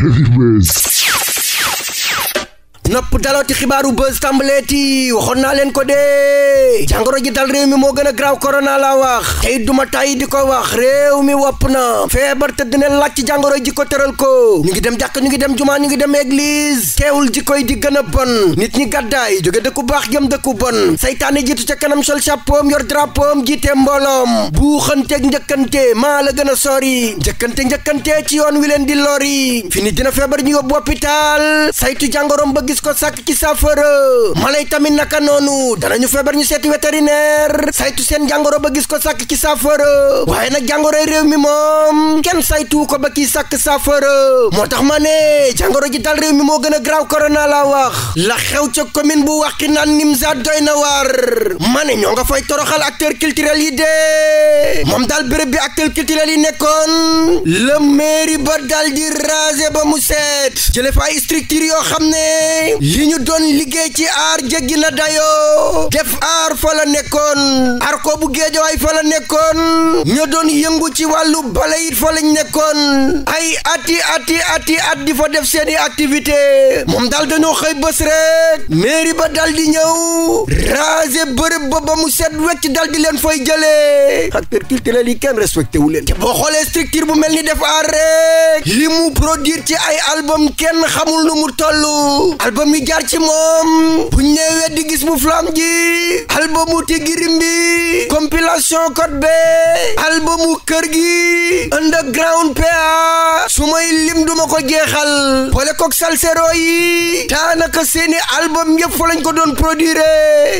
Heavyweight. nopp dalooti xibaaru buzz tàmbaleeti waxoon naa leen ko dee jangoro ji dal réew mi moo gën a graaw korona la wax tey duma tàyyi di ko wax réew mi wapp na feebar te dina laaj ci jàngoro ji ko tëral ko ñu ngi dem jàkk ñu ngi dem jumaa ñu ngi dem église teewul ji koy di gën a bon nit ñi gàddaay jóge dëkku baax jëm dëkku bon saytaane jiitu ca kanam sol chapeau yor drapeau jiite mbooloom buuxanteeg njëkkante maa la gën a sori njëkkante njëkkante ci yoon wi leen di lori dina feebar ñu yóbbu hôpital saytu jàngoroom ba gis gis ko sàkk ci saafara mala yi tamit naka noonu danañu feebar ñu seeti vétérinaire saytu seen jàngoro ba gis ko sàkk ci saafara waaye nag jàngoroy réew mi moom kenn saytu ko ba kii sàkk saafara moo tax ma ne jàngoro ji dal réew mi moo gën a graaw corona laa wax la xew ca commune bu waxi naan Nimza doy na waar ma ñoo nga fay toroxal acteur culturel yi de moom daal béréb bi acteur culturel yi nekkoon le mairie ba dal di raser ba mu seet jële fa ay structure yoo xam ne li ñu doon liggéey ci aar jéggi na dayoo def aar fa la nekkoon aar ko bu géejawaay fa la nekkoon ñoo doon yëngu ci wàllu bale it fa lañ nekkoon ay ati ati ati at di fa def seeni activité moom daal dañoo xëy bës rek mairie ba dal di ñëw raser bërëb ba ba mu set wecc dal di leen fay jëlee acteur culturel yi kenn respecté wu leen te boo xoolee structure bu mel ni def aar rek li mu produire ci ay album kenn xamul nu mu toll album yi jaar ci moom buñ ne weddi gis mu flam ji albumu tigirim bi compilation code be albumu kër gi underground pa su may lim duma ko jeexal boole kook salsero yi daanaka seeni album yëpp fa lañ ko doon produire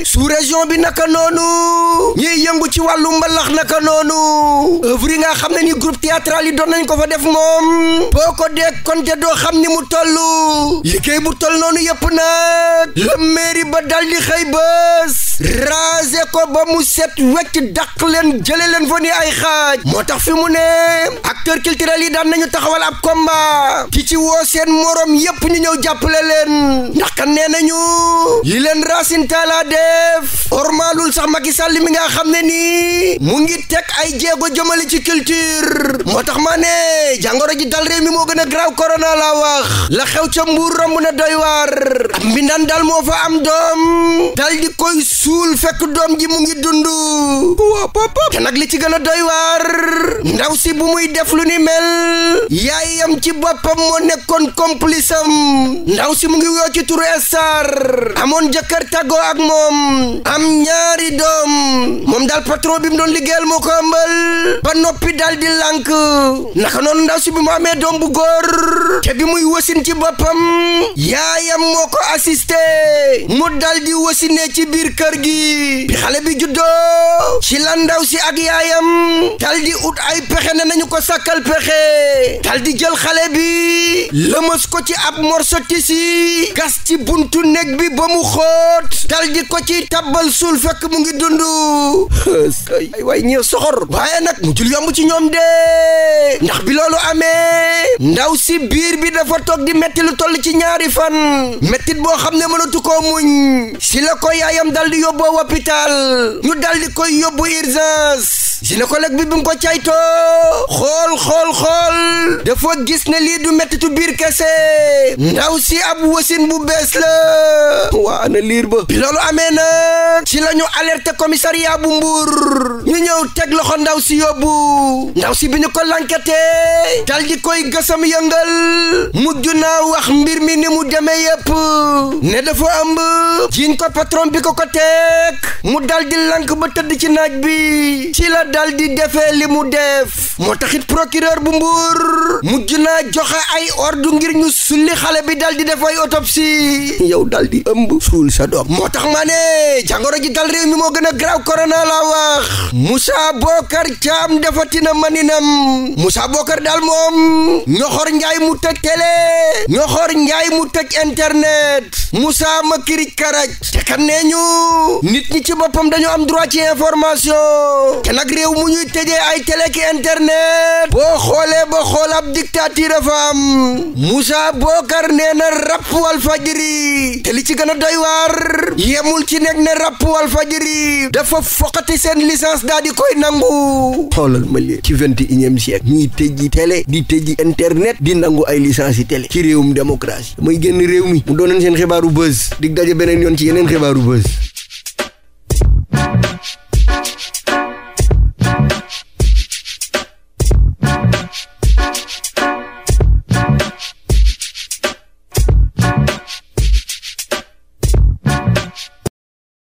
sous région bi naka noonu ñiy yëngu ci wàllu mbalax naka noonu œuvre yi nga xam ne ni groupe théâtral yi doon nañ ko fa def moom boo ko dee konte doo xam ni mu toll liggéey bu toll noonu yépp nag la mairie ba dal di xëy bés raser ba mu set wecc dàq leen jële leen fa ni ay xaaj moo tax fi mu ne acteur culturel yi daan nañu taxawal ab combat ki ci woo seen morom yépp ñu ñëw jàppale leen ndax kan ne nañu yi leen Racine Talla def ormaalul sax Macky Sall mi nga xam ne nii mu ngi teg ay jéego jëmale ci culture moo tax ma ne jàngoro ji dal réew mi moo gën a graaw corona laa wax la xew ca mbuur romb na doy waar am mbindaan dal moo fa am doom dal koy suul fekk doom ji mu ngi dund wop wop te nag li ci gën a doy waar ndaw si bu muy def lu ni mel yaayam ci boppam moo nekkoon complice am ndaw si mu ngi woo ci turu Estar amoon jëkkër tàggoo ak moom am ñaari doom moom daal patron bi mu doon liggéeyal moo ko ëmbal ba noppi di lànk naka noonu ndaw si bi mu amee doom bu góor te bi muy wasin ci boppam yaayam moo ko assisté mu dal di wasine ci biir gi bi xale bi juddoo ci la ndaw si ak yaayam dal di ut ay pexe ne nañu ko sàkkal pexe dal di jël xale bi lëmës ko ci ab morso tisi gas ci buntu néeg bi ba mu xóot dal ko ci tabbal suul fekk mu ngi dund ay waay ñi soxor waaye nag mu jul yomb ci ñoom de ndax bi loolu amee ndaw si biir bi dafa toog di metti lu toll ci ñaari fan mettit boo xam ne mënatu koo muñ si la ko yaayam dal yóbboo hôpital ñu dal di koy yóbbu urgence gynécologue bi bi mu ko caytoo xool xool xool dafa gis ne lii du mettitu biir kese ndaw si wasin bu bees la waa na liir ba bi loolu amee ca ñu alerté commissariat bu mbuur ñu ñëw teg loxo ndaw si yóbbu ndaw si bi ñu ko lankete dal koy gësam yëngal mujj naa wax mbir mi ni mu demee yépp ne dafa ëmb jiiñ ko patron bi ko ko teg mu dal di lank ba tëdd ci naaj bi ci la dal di defee li mu def moo taxit procureur bu mbuur mujj naa joxe ay ordre ngir ñu sulli xale bi dal di def ay autopsie yow dal di ëmb suul sa doom moo tax ma ne jàngoro ji njiital réew mi moo gën a graw korona la wax Moussa Bokar Caam defatina maninam Moussa Bokar daal moom ñoxor njaay mu tëj télé ñoxor njaay mu tëj internet Moussa Makiri Karaj te kat nee ñu nit ñi ci boppam dañu am droit ci information te nag réew mu ñuy tëjee ay télé ki internet boo xoolee ba xool ab dictature fa am Moussa Bokar nee na rapp wal fajiri te li ci gën a doy waar yemul ci nekk ne rapp wal fajiri dafa foqati seen licence daal di koy nangu xoolal ma lii ci vingt et unième siècle ñuy tëjji télé di tëjji internet di nangu ay licence yi ci réewum démocratie mooy génn réew mi mu doonoon seen xibaar xibaaru buzz dig daje beneen yoon ci yeneen xibaaru buzz